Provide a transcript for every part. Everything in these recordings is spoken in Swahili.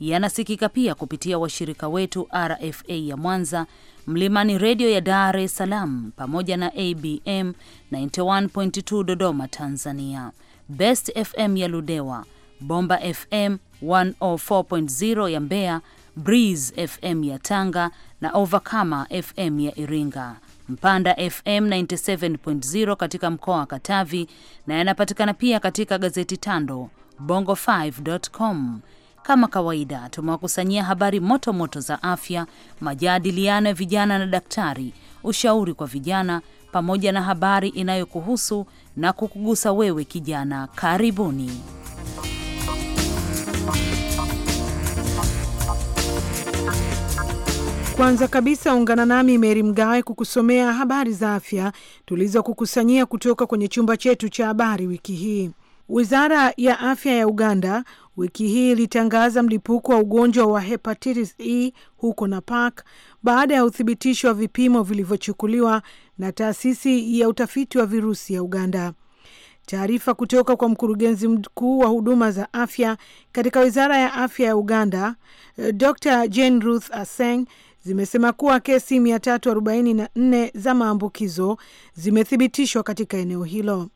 yanasikika pia kupitia washirika wetu RFA ya Mwanza, Mlimani Redio ya Dar es Salaam, pamoja na ABM 91.2 Dodoma Tanzania, Best FM ya Ludewa, Bomba FM 104.0 ya Mbeya, Breeze FM ya Tanga na Overcomer FM ya Iringa, Mpanda FM 97.0 katika mkoa wa Katavi na yanapatikana pia katika gazeti Tando Bongo5.com. Kama kawaida, tumewakusanyia habari moto moto za afya, majadiliano ya vijana na daktari, ushauri kwa vijana, pamoja na habari inayokuhusu na kukugusa wewe kijana. Karibuni. Kwanza kabisa ungana nami Meri Mgawe kukusomea habari za afya tulizokukusanyia kutoka kwenye chumba chetu cha habari wiki hii. Wizara ya afya ya Uganda wiki hii ilitangaza mlipuko wa ugonjwa wa hepatitis E huko Napak baada ya uthibitisho wa vipimo vilivyochukuliwa na taasisi ya utafiti wa virusi ya Uganda. Taarifa kutoka kwa mkurugenzi mkuu wa huduma za afya katika wizara ya afya ya Uganda, eh, Dr Jane Ruth Aseng, zimesema kuwa kesi 344 za maambukizo zimethibitishwa katika eneo hilo.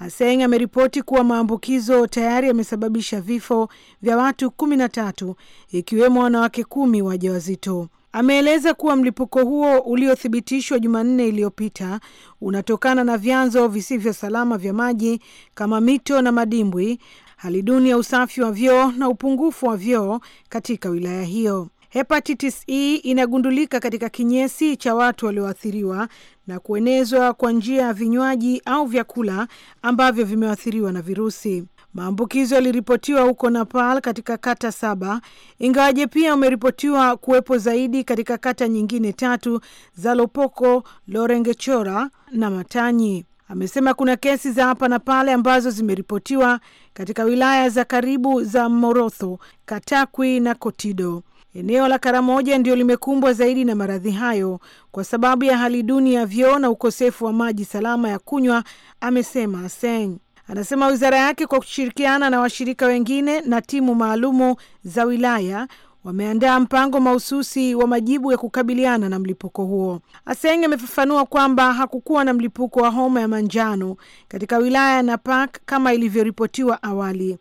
Aseng ameripoti kuwa maambukizo tayari yamesababisha vifo vya watu kumi na tatu ikiwemo wanawake kumi wajawazito. Ameeleza kuwa mlipuko huo uliothibitishwa Jumanne iliyopita unatokana na vyanzo visivyo salama vya maji kama mito na madimbwi, hali duni ya usafi wa vyoo na upungufu wa vyoo katika wilaya hiyo. Hepatitis E inagundulika katika kinyesi cha watu walioathiriwa na kuenezwa kwa njia ya vinywaji au vyakula ambavyo vimeathiriwa na virusi. Maambukizo yaliripotiwa huko Nepal katika kata saba, ingawaje pia umeripotiwa kuwepo zaidi katika kata nyingine tatu za Lopoko, Lorengechora na Matanyi. Amesema kuna kesi za hapa na pale ambazo zimeripotiwa katika wilaya za karibu za Morotho, Katakwi na Kotido. Eneo la Karamoja ndio limekumbwa zaidi na maradhi hayo kwa sababu ya hali duni ya vyoo na ukosefu wa maji salama ya kunywa, amesema Seng. Anasema wizara yake kwa kushirikiana na washirika wengine na timu maalumu za wilaya wameandaa mpango mahususi wa majibu ya kukabiliana na mlipuko huo. Aseng amefafanua kwamba hakukuwa na mlipuko wa homa ya manjano katika wilaya ya Napak kama ilivyoripotiwa awali.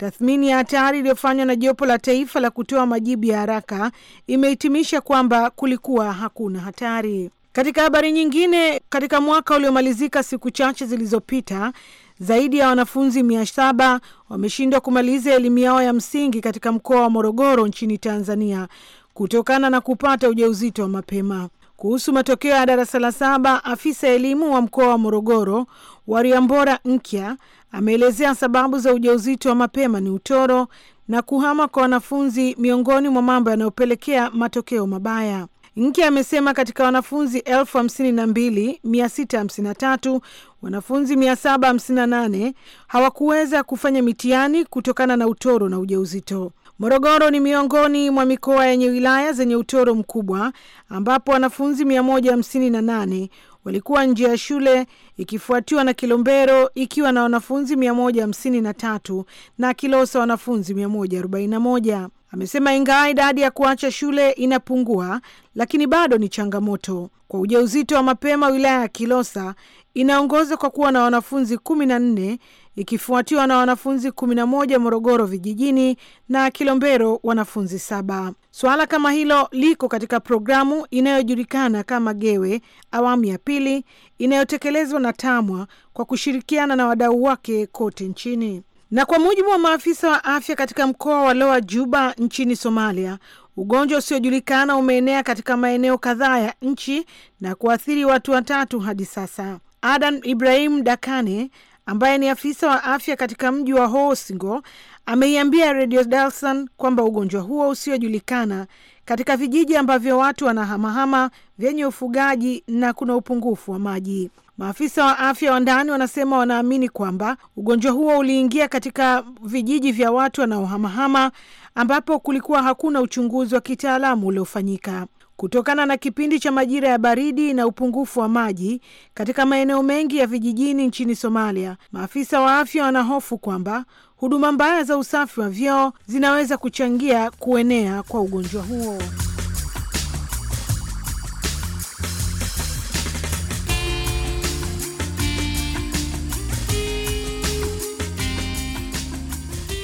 Tathmini ya hatari iliyofanywa na jopo la taifa la kutoa majibu ya haraka imehitimisha kwamba kulikuwa hakuna hatari. Katika habari nyingine, katika mwaka uliomalizika siku chache zilizopita, zaidi ya wanafunzi mia saba wameshindwa kumaliza elimu yao ya msingi katika mkoa wa Morogoro nchini Tanzania kutokana na kupata ujauzito wa mapema. Kuhusu matokeo ya darasa la saba, afisa elimu wa mkoa wa Morogoro Wariambora Nkya ameelezea sababu za ujauzito wa mapema ni utoro na kuhama kwa wanafunzi miongoni mwa mambo yanayopelekea matokeo mabaya. Nkya amesema katika wanafunzi elfu hamsini na mbili mia sita hamsini na tatu wanafunzi mia saba hamsini na nane hawakuweza kufanya mitihani kutokana na utoro na ujauzito. Morogoro ni miongoni mwa mikoa yenye wilaya zenye utoro mkubwa ambapo wanafunzi 158 walikuwa nje ya shule ikifuatiwa na Kilombero ikiwa na wanafunzi 153 na Kilosa wanafunzi 141. Amesema ingawa idadi ya kuacha shule inapungua, lakini bado ni changamoto. Kwa ujauzito wa mapema, wilaya ya Kilosa inaongoza kwa kuwa na wanafunzi ikifuatiwa na wanafunzi 11 Morogoro vijijini na Kilombero wanafunzi saba. Suala kama hilo liko katika programu inayojulikana kama GEWE awamu ya pili inayotekelezwa na TAMWA kwa kushirikiana na wadau wake kote nchini. Na kwa mujibu wa maafisa wa afya katika mkoa wa Loa Juba nchini Somalia, ugonjwa usiojulikana umeenea katika maeneo kadhaa ya nchi na kuathiri watu watatu hadi sasa. Adam Ibrahim Dakane ambaye ni afisa wa afya katika mji wa Hosingo ameiambia Radio dalson kwamba ugonjwa huo usiojulikana katika vijiji ambavyo watu wanahamahama vyenye ufugaji na kuna upungufu wa maji. Maafisa wa afya wa ndani wanasema wanaamini kwamba ugonjwa huo uliingia katika vijiji vya watu wanaohamahama ambapo kulikuwa hakuna uchunguzi wa kitaalamu uliofanyika kutokana na kipindi cha majira ya baridi na upungufu wa maji katika maeneo mengi ya vijijini nchini Somalia. Maafisa wa afya wanahofu kwamba huduma mbaya za usafi wa vyoo zinaweza kuchangia kuenea kwa ugonjwa huo.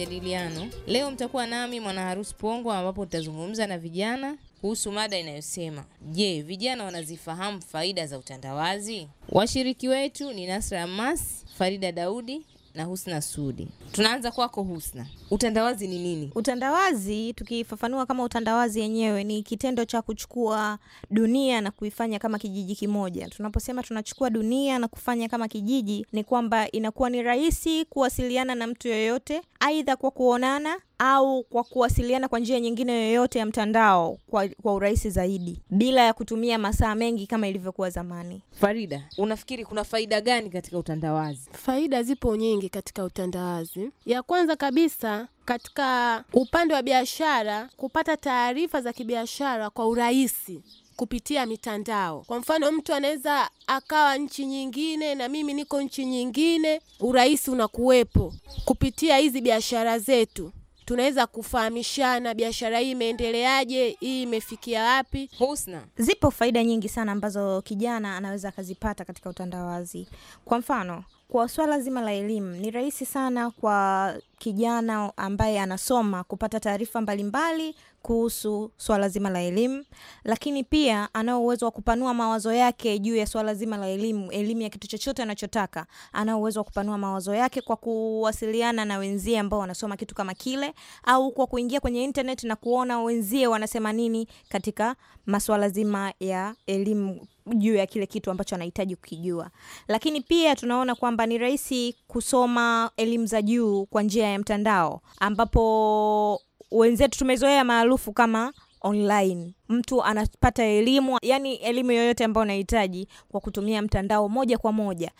majadiliano. Leo mtakuwa nami Mwana Harusi Pongo, ambapo tutazungumza na vijana kuhusu mada inayosema je, vijana wanazifahamu faida za utandawazi? Washiriki wetu ni Nasra Mas, Farida Daudi, na Husna Sudi. Tunaanza kwako Husna, utandawazi ni nini? Utandawazi tukifafanua kama utandawazi yenyewe ni kitendo cha kuchukua dunia na kuifanya kama kijiji kimoja. Tunaposema tunachukua dunia na kufanya kama kijiji, ni kwamba inakuwa ni rahisi kuwasiliana na mtu yoyote, aidha kwa kuonana au kwa kuwasiliana kwa njia nyingine yoyote ya mtandao kwa, kwa urahisi zaidi bila ya kutumia masaa mengi kama ilivyokuwa zamani. Farida, unafikiri kuna faida gani katika utandawazi? Faida zipo nyingi katika utandawazi. Ya kwanza kabisa katika upande wa biashara, kupata taarifa za kibiashara kwa urahisi kupitia mitandao. Kwa mfano, mtu anaweza akawa nchi nyingine na mimi niko nchi nyingine, urahisi unakuwepo kupitia hizi biashara zetu tunaweza kufahamishana biashara hii imeendeleaje, hii imefikia wapi. Husna, zipo faida nyingi sana ambazo kijana anaweza akazipata katika utandawazi. Kwa mfano kwa swala zima la elimu, ni rahisi sana kwa kijana ambaye anasoma kupata taarifa mbalimbali kuhusu swala zima la elimu, lakini pia anao uwezo wa kupanua mawazo yake juu ya swala zima la elimu, elimu ya kitu chochote anachotaka. Anao uwezo wa kupanua mawazo yake kwa kuwasiliana na wenzie ambao wanasoma kitu kama kile, au kwa kuingia kwenye internet na kuona wenzie wanasema nini katika maswala zima ya elimu juu ya kile kitu ambacho anahitaji kukijua. Lakini pia tunaona kwamba ni rahisi kusoma elimu za juu kwa njia ya mtandao, ambapo wenzetu tumezoea maarufu kama online. Mtu anapata elimu, yani elimu yoyote ambayo unahitaji kwa kutumia mtandao moja kwa moja.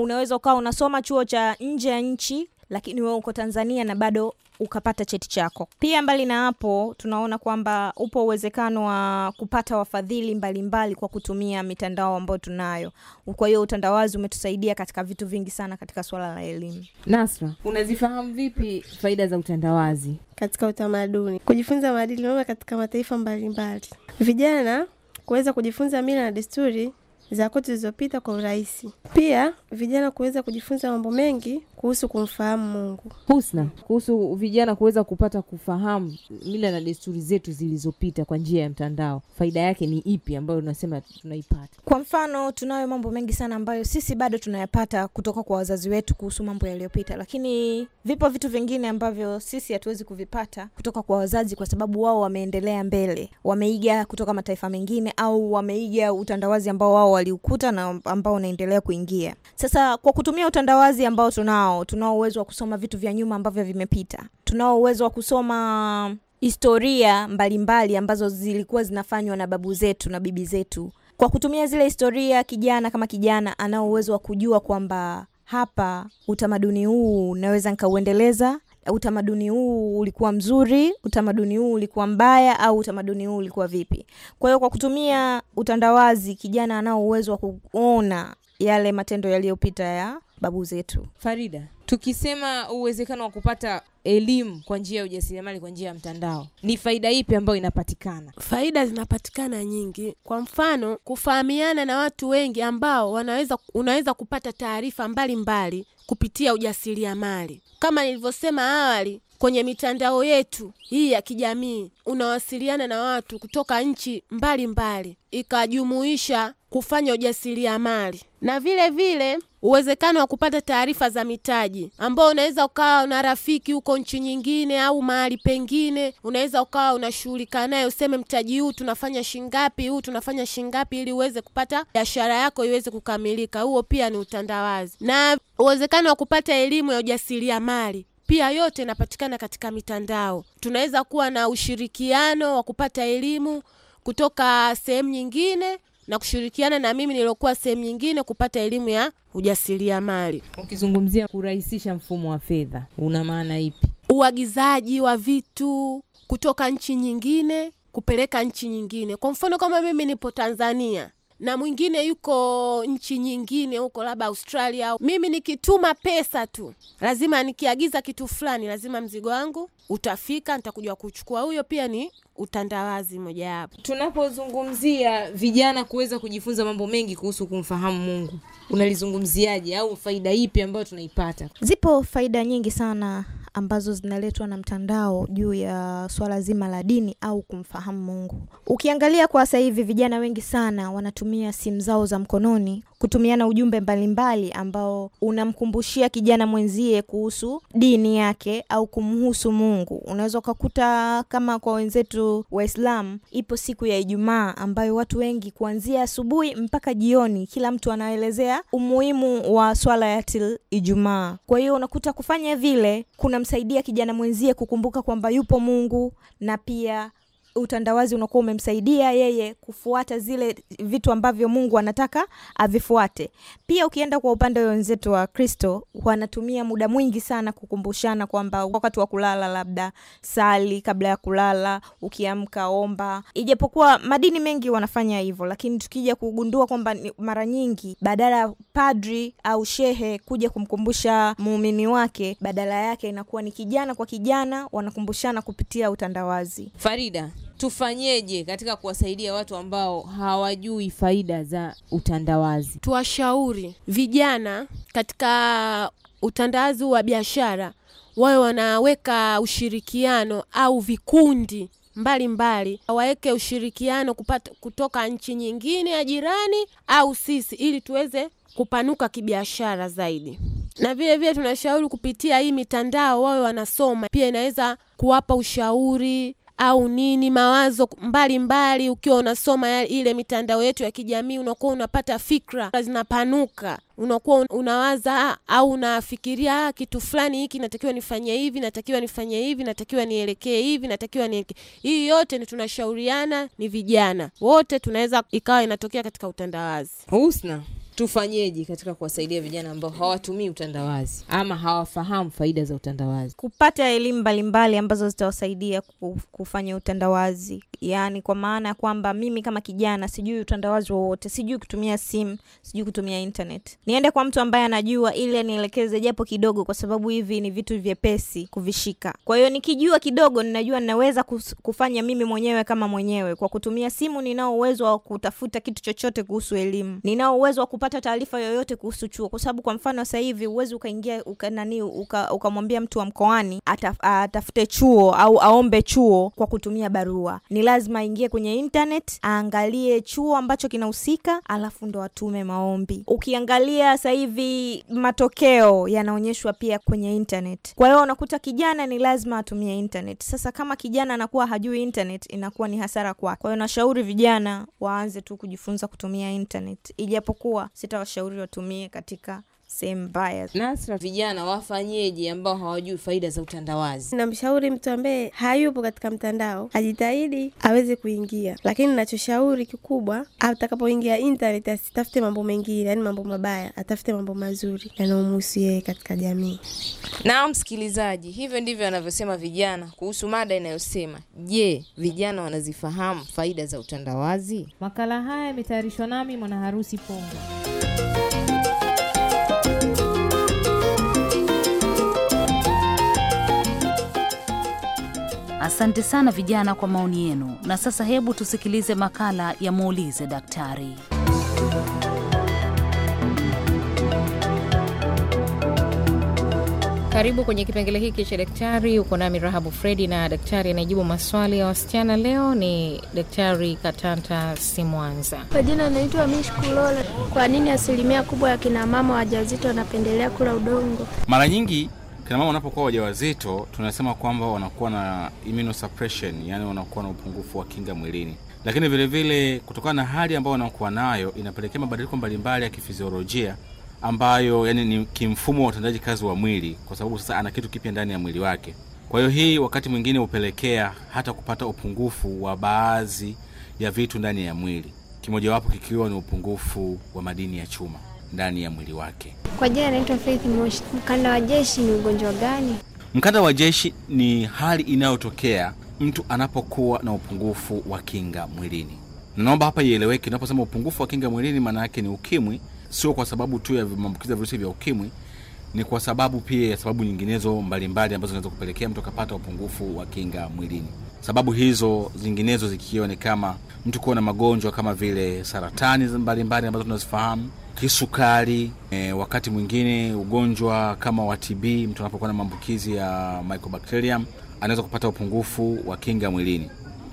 Unaweza ukawa unasoma chuo cha nje ya nchi lakini wewe uko Tanzania na bado ukapata cheti chako. Pia mbali na hapo, tunaona kwamba upo uwezekano wa kupata wafadhili mbalimbali kwa kutumia mitandao ambayo tunayo. Kwa hiyo utandawazi umetusaidia katika vitu vingi sana katika swala la elimu. Nasra, unazifahamu vipi faida za utandawazi katika utamaduni, kujifunza maadili mema katika mataifa mbalimbali, vijana kuweza kujifunza mila na desturi za kote zilizopita kwa urahisi. Pia vijana kuweza kujifunza mambo mengi kuhusu kumfahamu Mungu. Husna, kuhusu vijana kuweza kupata kufahamu mila na desturi zetu zilizopita kwa njia ya mtandao, faida yake ni ipi ambayo unasema tunaipata? Kwa mfano, tunayo mambo mengi sana ambayo sisi bado tunayapata kutoka kwa wazazi wetu kuhusu mambo yaliyopita, lakini vipo vitu vingine ambavyo sisi hatuwezi kuvipata kutoka kwa wazazi, kwa sababu wao wameendelea mbele, wameiga kutoka mataifa mengine, au wameiga utandawazi ambao wao waliukuta na ambao unaendelea kuingia sasa, kwa kutumia utandawazi ambao tunao tunao tunao uwezo wa kusoma vitu vya nyuma ambavyo vimepita tunao uwezo wa kusoma historia mbalimbali mbali ambazo zilikuwa zinafanywa na babu zetu na bibi zetu kwa kutumia zile historia kijana kama kijana anao uwezo wa kujua kwamba hapa utamaduni huu naweza nikauendeleza utamaduni huu ulikuwa mzuri, utamaduni huu ulikuwa mbaya, au utamaduni huu ulikuwa vipi. Kwa hiyo kwa kutumia utandawazi, kijana anao uwezo wa kuona yale matendo yaliyopita ya babu zetu. Farida, tukisema uwezekano wa kupata elimu kwa njia ya ujasiriamali kwa njia ya mtandao, ni faida ipi ambayo inapatikana? Faida zinapatikana nyingi. Kwa mfano, kufahamiana na watu wengi ambao wanaweza, unaweza kupata taarifa mbalimbali kupitia ujasiriamali. Kama nilivyosema awali, kwenye mitandao yetu hii ya kijamii unawasiliana na watu kutoka nchi mbalimbali, ikajumuisha kufanya ujasiriamali na vile vile uwezekano wa kupata taarifa za mitaji ambao unaweza ukawa una rafiki huko nchi nyingine au mahali pengine, unaweza ukawa unashughulika naye, useme mtaji huu tunafanya shingapi, huu tunafanya shingapi, ili uweze kupata biashara yako iweze kukamilika. Huo pia ni utandawazi, na uwezekano wa kupata elimu ya ujasiriamali pia yote inapatikana katika mitandao. Tunaweza kuwa na ushirikiano wa kupata elimu kutoka sehemu nyingine na kushirikiana na mimi niliokuwa sehemu nyingine kupata elimu ya ujasiriamali. Ukizungumzia kurahisisha mfumo wa fedha, una maana ipi? Uagizaji wa vitu kutoka nchi nyingine kupeleka nchi nyingine. Kwa mfano kama mimi nipo Tanzania na mwingine yuko nchi nyingine huko labda Australia mimi nikituma pesa tu, lazima nikiagiza kitu fulani, lazima mzigo wangu utafika, nitakuja kuchukua. Huyo pia ni utandawazi mojawapo. Tunapozungumzia vijana kuweza kujifunza mambo mengi kuhusu kumfahamu Mungu, unalizungumziaje au faida ipi ambayo tunaipata? Zipo faida nyingi sana ambazo zinaletwa na mtandao juu ya swala zima la dini au kumfahamu Mungu. Ukiangalia kwa sasa hivi vijana wengi sana wanatumia simu zao za mkononi kutumiana ujumbe mbalimbali mbali ambao unamkumbushia kijana mwenzie kuhusu dini yake au kumhusu Mungu. Unaweza ukakuta kama kwa wenzetu Waislamu, ipo siku ya Ijumaa ambayo watu wengi kuanzia asubuhi mpaka jioni, kila mtu anaelezea umuhimu wa swala ya til Ijumaa. Kwa hiyo unakuta kufanya vile kuna unamsaidia kijana mwenzie kukumbuka kwamba yupo Mungu na pia utandawazi unakuwa umemsaidia yeye kufuata zile vitu ambavyo Mungu anataka avifuate. Pia ukienda kwa upande wa wenzetu wa Kristo, wanatumia muda mwingi sana kukumbushana kwamba wakati wa kulala, labda sali kabla ya kulala, ukiamka omba. Ijapokuwa madini mengi wanafanya hivyo, lakini tukija kugundua kwamba mara nyingi badala ya padri au shehe kuja kumkumbusha muumini wake, badala yake inakuwa ni kijana kwa kijana wanakumbushana kupitia utandawazi. Farida tufanyeje katika kuwasaidia watu ambao hawajui faida za utandawazi? Tuwashauri vijana katika utandawazi wa biashara wawe wanaweka ushirikiano au vikundi mbalimbali waweke ushirikiano kupata kutoka nchi nyingine ya jirani au sisi, ili tuweze kupanuka kibiashara zaidi. Na vile vile tunashauri kupitia hii mitandao wawe wanasoma pia, inaweza kuwapa ushauri au nini, mawazo mbalimbali mbali, ukiwa unasoma ile mitandao yetu ya kijamii unakuwa unapata fikra zinapanuka, unakuwa unawaza ah, au unafikiria ah, kitu fulani, hiki natakiwa nifanye hivi, natakiwa nifanye hivi, natakiwa nielekee hivi, natakiwa nielekee hii. Yote ni tunashauriana, ni vijana wote tunaweza, ikawa inatokea katika utandawazi. Husna tufanyeje katika kuwasaidia vijana ambao hawatumii utandawazi ama hawafahamu faida za utandawazi? Kupata elimu mbalimbali ambazo zitawasaidia kufanya utandawazi, yaani kwa maana ya kwamba mimi kama kijana sijui utandawazi wowote, sijui kutumia simu, sijui kutumia internet, niende kwa mtu ambaye anajua ili anielekeze japo kidogo, kwa sababu hivi ni vitu vyepesi kuvishika. Kwa hiyo nikijua kidogo, ninajua ninaweza kufanya mimi mwenyewe kama mwenyewe. Kwa kutumia simu, ninao uwezo wa kutafuta kitu chochote kuhusu elimu, ninao uwezo wa kupata kupata taarifa yoyote kuhusu chuo, kwa sababu kwa mfano sasa hivi uwezi ukaingia uka, nani ukamwambia uka mtu wa mkoani atafute chuo au aombe chuo kwa kutumia barua. Ni lazima aingie kwenye internet aangalie chuo ambacho kinahusika, alafu ndo atume maombi. Ukiangalia sasa hivi matokeo yanaonyeshwa pia kwenye internet, kwa hiyo unakuta kijana ni lazima atumie internet. Sasa kama kijana anakuwa hajui internet, inakuwa ni hasara kwake. Kwa hiyo nashauri vijana waanze tu kujifunza kutumia internet, ijapokuwa sitawashauri watumie katika sehemu mbaya. Nasra, vijana wafanyeje ambao hawajui faida za utandawazi? Namshauri mtu ambaye hayupo katika mtandao ajitahidi aweze kuingia, lakini nachoshauri kikubwa, atakapoingia intaneti asitafute mambo mengine, yani mambo mabaya, atafute mambo mazuri yanayomhusu yeye katika jamii. Na msikilizaji, hivyo ndivyo anavyosema vijana kuhusu mada inayosema je, vijana wanazifahamu faida za utandawazi? Makala haya yametayarishwa nami Mwanaharusi Pongo. Asante sana vijana kwa maoni yenu. Na sasa hebu tusikilize makala ya muulize daktari. Karibu kwenye kipengele hiki cha daktari. Uko nami Rahabu Fredi, na daktari anayejibu maswali ya wasichana leo ni Daktari Katanta Simwanza. Kwa jina anaitwa Mishkulola. Kwa nini asilimia kubwa ya kinamama wajawazito wanapendelea kula udongo? Mara nyingi Kina mama wanapokuwa wajawazito tunasema kwamba wanakuwa na immunosuppression, yani wanakuwa na upungufu wa kinga mwilini, lakini vilevile kutokana na hali ambayo wanakuwa nayo inapelekea mabadiliko mbalimbali ya kifiziolojia ambayo yani ni kimfumo wa utendaji kazi wa mwili, kwa sababu sasa ana kitu kipya ndani ya mwili wake. Kwa hiyo hii wakati mwingine hupelekea hata kupata upungufu wa baadhi ya vitu ndani ya mwili, kimojawapo kikiwa ni upungufu wa madini ya chuma ndani ya mwili wake. Kwa jina anaitwa Faith Moshi. Mkanda wa jeshi ni ugonjwa gani? Mkanda wa jeshi ni hali inayotokea mtu anapokuwa na upungufu wa kinga mwilini. Naomba hapa ieleweke, unaposema upungufu wa kinga mwilini, maana yake ni ukimwi, sio kwa sababu tu ya maambukizi ya virusi vya ukimwi, ni kwa sababu pia ya sababu nyinginezo mbalimbali ambazo zinaweza kupelekea mtu akapata upungufu wa kinga mwilini. Sababu hizo zinginezo zikiwa ni kama mtu kuwa na magonjwa kama vile saratani mbalimbali ambazo tunazifahamu, kisukari, e, wakati mwingine ugonjwa kama wa TB, mtu anapokuwa na maambukizi ya Mycobacterium anaweza kupata upungufu wa kinga mwilini.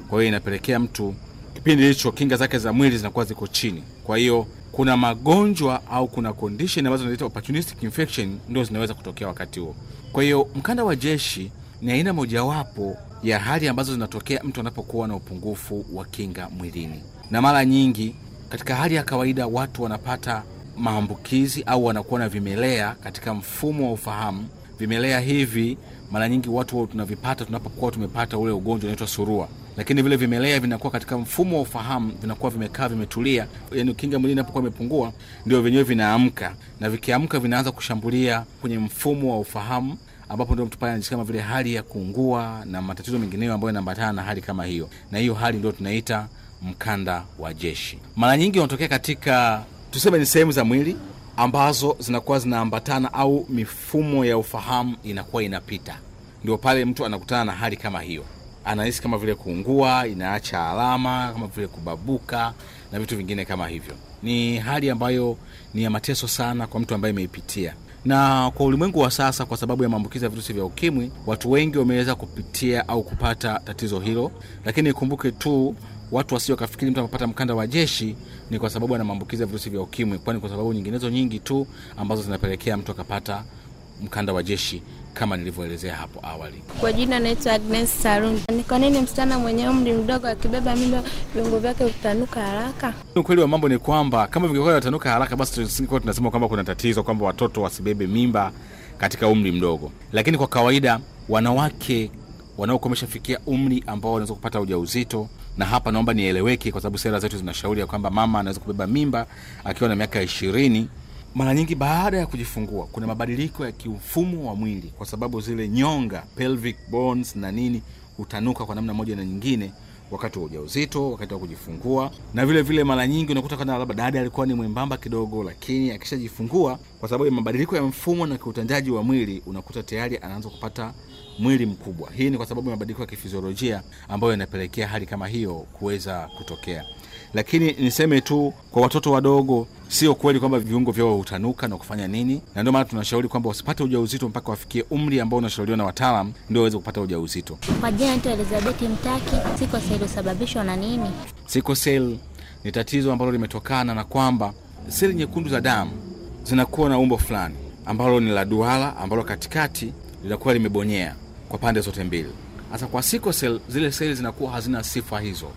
Kwa hiyo inapelekea mtu kipindi hicho kinga zake za mwili zinakuwa ziko chini, kwa hiyo kuna magonjwa au kuna condition ambazo zinaitwa opportunistic infection ndio zinaweza kutokea wakati huo. Kwa hiyo mkanda wa jeshi ni aina mojawapo ya hali ambazo zinatokea mtu anapokuwa na upungufu wa kinga mwilini, na mara nyingi katika hali ya kawaida watu wanapata maambukizi au wanakuwa na vimelea katika mfumo wa ufahamu. Vimelea hivi mara nyingi watu tunavipata tunapokuwa tumepata ule ugonjwa unaitwa surua lakini vile vimelea vinakuwa katika mfumo wa ufahamu vinakuwa vimekaa vimetulia yani kinga mwili inapokuwa imepungua ndio vyenyewe vinaamka na vikiamka vinaanza kushambulia kwenye mfumo wa ufahamu ambapo ndio mtu pale kama vile hali ya kuungua na matatizo mengineyo ambayo yanaambatana na hali kama hiyo na hiyo hali ndio tunaita mkanda wa jeshi mara nyingi unatokea katika tuseme ni sehemu za mwili ambazo zinakuwa zinaambatana au mifumo ya ufahamu inakuwa inapita ndio pale mtu anakutana na hali kama hiyo, anahisi kama vile kuungua, inaacha alama kama vile kubabuka na vitu vingine kama hivyo. Ni hali ambayo ni ya mateso sana kwa mtu ambaye imeipitia na kwa ulimwengu wa sasa, kwa sababu ya maambukizi ya virusi vya ukimwi, watu wengi wameweza kupitia au kupata tatizo hilo. Lakini ikumbuke tu, watu wasio kafikiri mtu amepata mkanda wa jeshi ni kwa sababu ana maambukizi ya virusi vya ukimwi, kwani kwa sababu nyinginezo nyingi tu ambazo zinapelekea mtu akapata mkanda wa jeshi kama nilivyoelezea hapo awali. Kwa jina naitwa Agnes Sarun. Ni kwa nini msichana mwenye umri mdogo akibeba mimba viungo vyake vitanuka haraka? Ukweli wa mambo ni kwamba kama vingekuwa vitanuka haraka, basi tusingekuwa tunasema kwamba kuna tatizo kwamba watoto wasibebe mimba katika umri mdogo, lakini kwa kawaida wanawake wanaokuwa wameshafikia umri ambao wanaweza kupata ujauzito na hapa naomba nieleweke, kwa sababu sera zetu zinashauri ya kwamba mama anaweza kubeba mimba akiwa na miaka ishirini mara nyingi baada ya kujifungua kuna mabadiliko ya kiufumo wa mwili, kwa sababu zile nyonga pelvic bones na nini hutanuka kwa namna moja na nyingine wakati wa ujauzito, wakati wa kujifungua, na vile vile mara nyingi unakuta kana labda dada alikuwa ni mwembamba kidogo, lakini akishajifungua, kwa sababu ya mabadiliko ya mfumo na kiutendaji wa mwili, unakuta tayari anaanza kupata mwili mkubwa. Hii ni kwa sababu ya mabadiliko ya kifiziolojia ambayo yanapelekea hali kama hiyo kuweza kutokea lakini niseme tu kwa watoto wadogo, sio kweli kwamba viungo vyao hutanuka na kufanya nini, na ndio maana tunashauri kwamba wasipate ujauzito mpaka wafikie umri ambao unashauriwa na wataalam ndio waweze kupata ujauzito. Kwa jina naitwa Mtaki. husababishwa na nini? ni tatizo ambalo limetokana na kwamba seli nyekundu za damu zinakuwa na umbo fulani ambalo ni la duara, ambalo katikati linakuwa limebonyea kwa pande zote mbili. hasa kwa sikosel zile seli zinakuwa hazina sifa hizo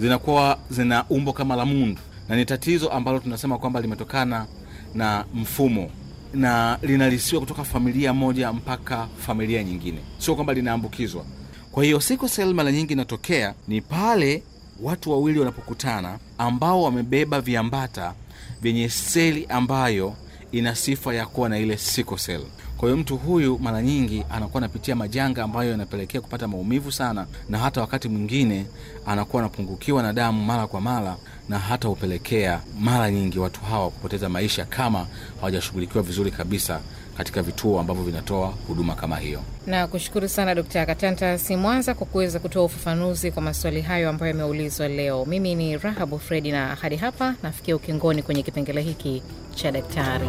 zinakuwa zina umbo kama la mundu, na ni tatizo ambalo tunasema kwamba limetokana na mfumo na linalisiwa kutoka familia moja mpaka familia nyingine, sio kwamba linaambukizwa. Kwa hiyo sickle sel mara nyingi inatokea ni pale watu wawili wanapokutana ambao wamebeba viambata vyenye seli ambayo ina sifa ya kuwa na ile sikosel kwa hiyo mtu huyu mara nyingi anakuwa anapitia majanga ambayo yanapelekea kupata maumivu sana, na hata wakati mwingine anakuwa anapungukiwa na damu mara kwa mara, na hata hupelekea mara nyingi watu hawa kupoteza maisha kama hawajashughulikiwa vizuri kabisa katika vituo ambavyo vinatoa huduma kama hiyo. Na kushukuru sana Dkt. Katanta si mwanza kwa kuweza kutoa ufafanuzi kwa maswali hayo ambayo yameulizwa leo. Mimi ni Rahabu Fredi, na hadi hapa nafikia ukingoni kwenye kipengele hiki cha daktari.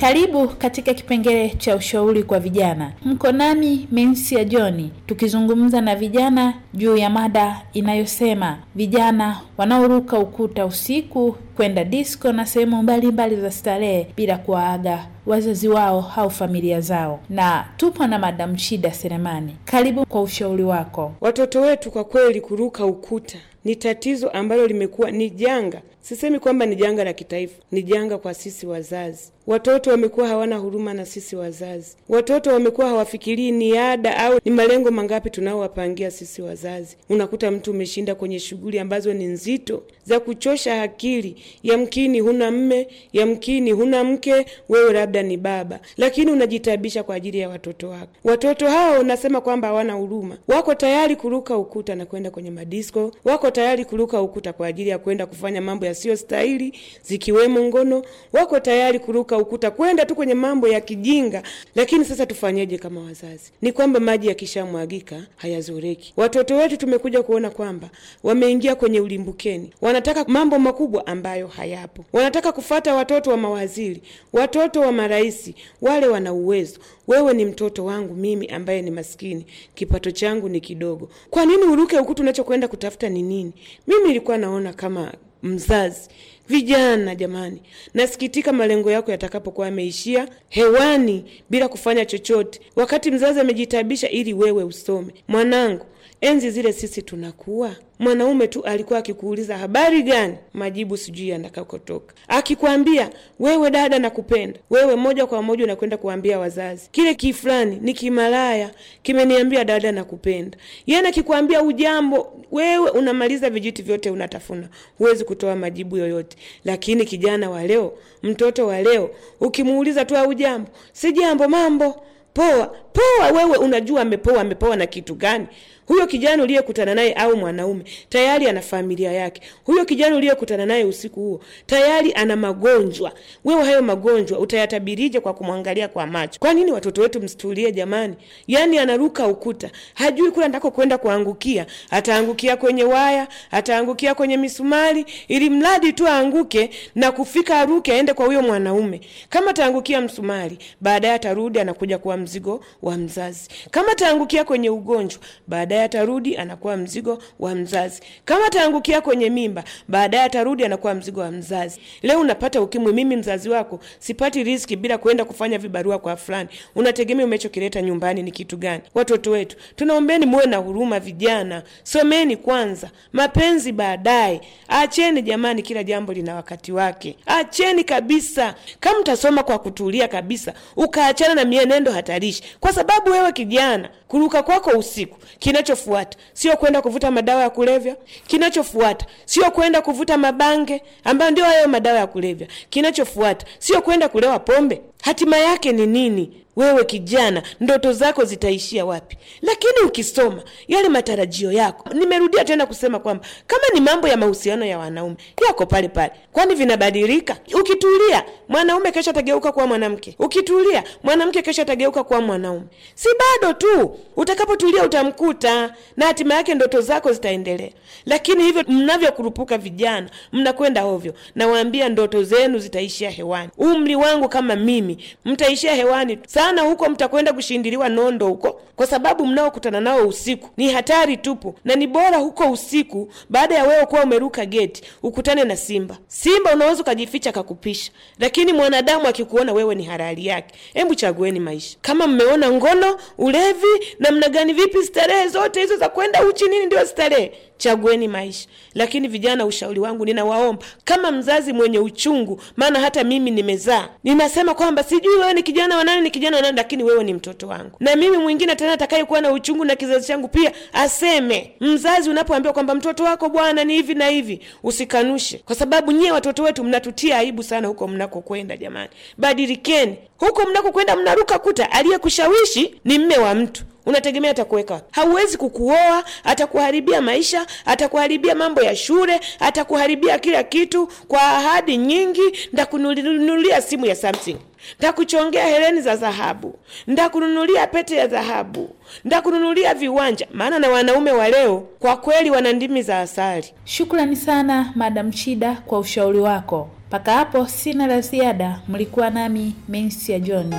Karibu katika kipengele cha ushauri kwa vijana. Mko nami Mensia Joni, tukizungumza na vijana juu ya mada inayosema vijana wanaoruka ukuta usiku kwenda disco na sehemu mbalimbali za starehe bila kuwaaga wazazi wao au familia zao, na tupo na Madam Shida Selemani. Karibu kwa ushauri wako. Watoto wetu kwa kweli, kuruka ukuta ni tatizo ambalo limekuwa ni janga. Sisemi kwamba ni janga la kitaifa, ni janga kwa sisi wazazi. Watoto wamekuwa hawana huruma na sisi wazazi. Watoto wamekuwa hawafikirii ni ada au ni malengo mangapi tunaowapangia sisi wazazi. Unakuta mtu umeshinda kwenye shughuli ambazo ni nzito za kuchosha akili, yamkini huna mme, yamkini huna mke, wewe labda ni baba, lakini unajitabisha kwa ajili ya watoto wako. Watoto hao unasema kwamba hawana huruma, wako tayari kuruka ukuta na kwenda kwenye madisko, wako tayari kuruka ukuta kwa ajili ya kwenda kufanya mambo yasiyostahili, zikiwemo ngono, wako tayari kuruka kuruka ukuta, kwenda tu kwenye mambo ya kijinga. Lakini sasa tufanyeje kama wazazi? Ni kwamba maji yakishamwagika hayazoreki Watoto wetu tumekuja kuona kwamba wameingia kwenye ulimbukeni, wanataka mambo makubwa ambayo hayapo, wanataka kufata watoto wa mawaziri, watoto wa marais, wale wana uwezo. Wewe ni mtoto wangu mimi ambaye ni maskini, kipato changu ni kidogo. Kwa nini uruke ukuta? Unachokwenda kutafuta ni nini? Mimi nilikuwa naona kama mzazi. Vijana jamani, nasikitika malengo yako yatakapokuwa yameishia hewani bila kufanya chochote, wakati mzazi amejitabisha ili wewe usome. Mwanangu, Enzi zile sisi tunakuwa, mwanaume tu alikuwa akikuuliza habari gani, majibu sijui yanakakotoka. Akikwambia wewe dada, nakupenda wewe, moja kwa moja unakwenda kuambia wazazi. Kile kifulani ni kimalaya kimeniambia dada, nakupenda. Yeye yaani akikwambia ujambo, wewe unamaliza vijiti vyote unatafuna, huwezi kutoa majibu yoyote. Lakini kijana wa leo, mtoto wa leo, ukimuuliza tu aujambo, si jambo, mambo poa poa, wewe unajua amepoa. Amepoa na kitu gani? Huyo kijana uliyekutana naye au mwanaume tayari ana familia yake. Huyo kijana uliyekutana naye usiku huo tayari ana magonjwa. Wewe hayo magonjwa utayatabirije kwa kumwangalia kwa macho? Kwa nini watoto wetu msitulie jamani? Yani anaruka ukuta, hajui kule ndako kwenda kuangukia. Ataangukia kwenye waya, ataangukia kwenye misumari, ili mradi tu aanguke na kufika, aruke aende kwa huyo mwanaume. Kama ataangukia msumari, baadaye atarudi anakuja kuwa mzigo wa mzazi. Kama ataangukia kwenye ugonjwa, baadaye baadaye atarudi anakuwa mzigo wa mzazi. Kama ataangukia kwenye mimba, baadaye atarudi anakuwa mzigo wa mzazi. Leo unapata ukimwi, mimi mzazi wako sipati riziki bila kwenda kufanya vibarua kwa fulani. Unategemea umechokileta nyumbani ni kitu gani? Watoto wetu, tunaombeni muwe na huruma, vijana, someni kwanza, mapenzi baadaye. Acheni jamani, kila jambo lina wakati wake. Acheni kabisa. Kama mtasoma kwa kutulia kabisa, ukaachana na mienendo hatarishi, kwa sababu wewe kijana Kuruka kwako usiku, kinachofuata sio kwenda kuvuta madawa ya kulevya. Kinachofuata sio kwenda kuvuta mabange ambayo ndio hayo madawa ya kulevya. Kinachofuata sio kwenda kulewa pombe. Hatima yake ni nini? wewe kijana, ndoto zako zitaishia wapi? Lakini ukisoma yale matarajio yako, nimerudia tena kusema kwamba kama ni mambo ya mahusiano ya wanaume yako pale pale, kwani vinabadilika? Ukitulia mwanaume kesho atageuka kuwa mwanamke, ukitulia mwanamke kesho atageuka kuwa mwanaume. Si bado tu utakapotulia utamkuta, na hatima yake ndoto zako zitaendelea. Lakini hivyo mnavyokurupuka vijana, mnakwenda ovyo. Nawaambia ndoto zenu zitaishia hewani. Umri wangu kama mimi, mtaishia hewani sana maana huko mtakwenda kushindiliwa nondo huko, kwa sababu mnaokutana nao usiku ni hatari tupu, na ni bora huko usiku, baada ya wewe kuwa umeruka geti, ukutane na simba. Simba unaweza ukajificha kakupisha, lakini mwanadamu akikuona wewe ni halali yake. Hebu chagueni maisha. Kama mmeona ngono, ulevi, namna gani, vipi, starehe zote hizo za kwenda uchi nini, ndio starehe chagueni maisha. Lakini vijana, ushauri wangu ninawaomba, kama mzazi mwenye uchungu, maana hata mimi nimezaa, ninasema kwamba sijui wewe ni kijana wanani ni kijana wanani lakini wewe ni mtoto wangu. Na mimi mwingine tena atakayekuwa na uchungu na kizazi changu pia aseme. Mzazi unapoambiwa kwamba mtoto wako bwana ni hivi na hivi, usikanushe, kwa sababu nyie watoto wetu mnatutia aibu sana huko mnakokwenda. Jamani, badilikeni huko mnakokwenda mnaruka kuta, aliyekushawishi ni mme wa mtu unategemea atakuweka? Hauwezi kukuoa, atakuharibia maisha, atakuharibia mambo ya shule, atakuharibia kila kitu kwa ahadi nyingi. Ndakununulia simu ya Samsung, ndakuchongea hereni za dhahabu, ndakununulia pete ya dhahabu, ndakununulia viwanja. Maana na wanaume wa leo kwa kweli wana ndimi za asali. Shukrani sana Madam Chida kwa ushauri wako. Mpaka hapo sina la ziada. Mlikuwa nami Mensia John.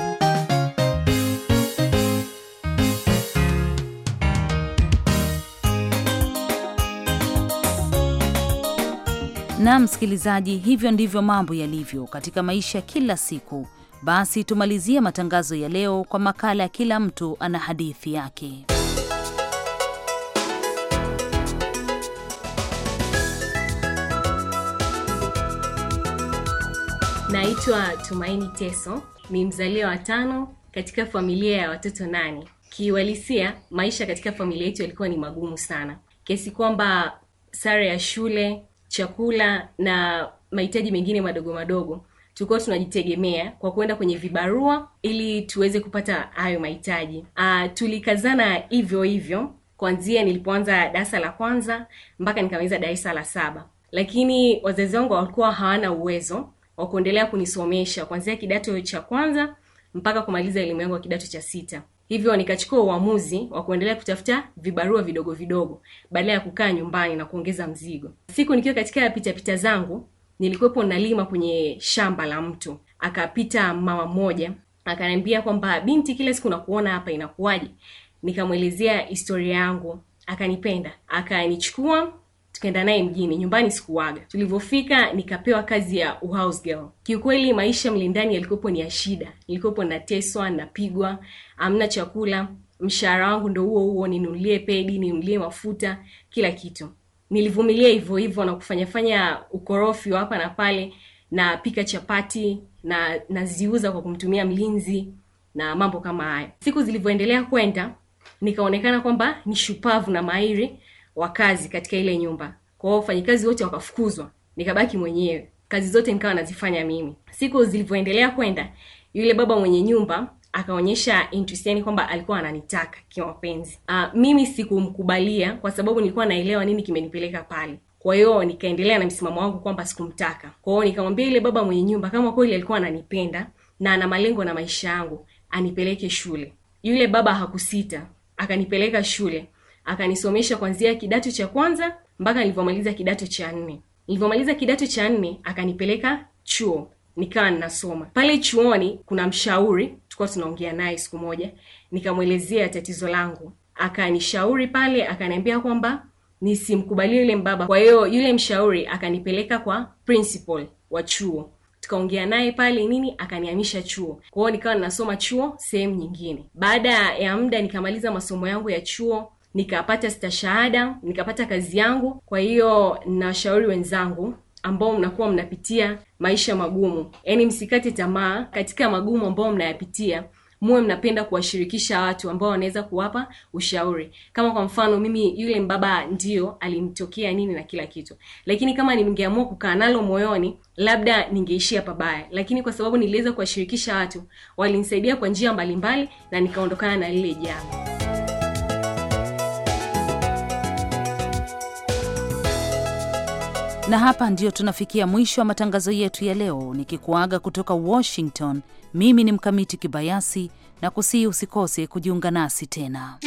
Na msikilizaji, hivyo ndivyo mambo yalivyo katika maisha kila siku. Basi tumalizie matangazo ya leo kwa makala ya kila mtu ana hadithi yake. Naitwa Tumaini Teso, ni mzalia wa tano katika familia ya watoto nane. kiwalisia maisha katika familia yetu yalikuwa ni magumu sana, kiasi kwamba sare ya shule, chakula na mahitaji mengine madogo madogo tulikuwa tunajitegemea kwa kuenda kwenye vibarua ili tuweze kupata hayo mahitaji. Ah, tulikazana hivyo hivyo kuanzia nilipoanza darasa la kwanza mpaka nikamaliza darasa la saba, lakini wazazi wangu walikuwa hawana uwezo wa kuendelea kunisomesha kuanzia kidato cha kwanza mpaka kumaliza elimu yangu ya kidato cha sita. Hivyo nikachukua uamuzi wa kuendelea kutafuta vibarua vidogo vidogo badala ya kukaa nyumbani na kuongeza mzigo. Siku nikiwa katika pitapita zangu, nilikuwepo nalima kwenye shamba la mtu, akapita mama mmoja akaniambia kwamba binti, kila siku nakuona hapa, inakuwaje? Nikamwelezea historia yangu, akanipenda, akanichukua tukaenda naye mjini, nyumbani sikuwaga. Tulivyofika nikapewa kazi ya house girl. Kiukweli maisha mlindani yalikuwepo ni ya shida, nilikuwepo nateswa, napigwa, amna chakula, mshahara wangu ndo huo huo, ninunulie pedi, ninunulie mafuta, kila kitu. Nilivumilia hivyo hivyo na kufanyafanya ukorofi wa hapa na pale, na pika chapati na naziuza kwa kumtumia mlinzi na mambo kama haya Siku zilivyoendelea kwenda, nikaonekana kwamba ni shupavu na mahiri wakazi katika ile nyumba. kwao wafanyakazi wote wakafukuzwa, nikabaki mwenyewe, kazi zote nikawa nazifanya mimi. Siku zilivyoendelea kwenda, yule baba mwenye nyumba akaonyesha interest, yani kwamba alikuwa ananitaka kimapenzi. Uh, mimi sikumkubalia kwa sababu nilikuwa naelewa nini kimenipeleka pale. Kwa hiyo nikaendelea na msimamo wangu kwamba sikumtaka. kwao nikamwambia yule baba mwenye nyumba kama kweli alikuwa ananipenda na ana malengo na maisha yangu, anipeleke shule. Yule baba hakusita, akanipeleka shule akanisomesha kwanzia kidato cha kwanza mpaka nilivyomaliza kidato cha nne. Nilivyomaliza kidato cha nne akanipeleka chuo nikawa ninasoma pale chuoni. Kuna mshauri tukuwa tunaongea naye siku moja, nikamwelezea tatizo langu, akanishauri pale, akaniambia kwamba nisimkubalie yule mbaba. Kwa hiyo yule mshauri akanipeleka kwa principal wa chuo, tukaongea naye pale nini, akanihamisha chuo. Kwa hiyo nikawa ninasoma chuo sehemu nyingine. Baada ya muda nikamaliza masomo yangu ya chuo, nikapata stashahada, nikapata kazi yangu. Kwa hiyo nashauri wenzangu ambao mnakuwa mnapitia maisha magumu, yaani msikate tamaa katika magumu ambao mnayapitia muwe mnapenda kuwashirikisha watu ambao wanaweza kuwapa ushauri. Kama kwa mfano mimi, yule mbaba ndio alimtokea nini na kila kitu, lakini kama ningeamua kukaa nalo moyoni, labda ningeishia pabaya, lakini kwa sababu niliweza kuwashirikisha watu, walinisaidia kwa njia mbalimbali na nikaondokana na lile janga. Na hapa ndiyo tunafikia mwisho wa matangazo yetu ya leo, nikikuaga kutoka Washington. Mimi ni Mkamiti Kibayasi na kusihi usikose kujiunga nasi tena.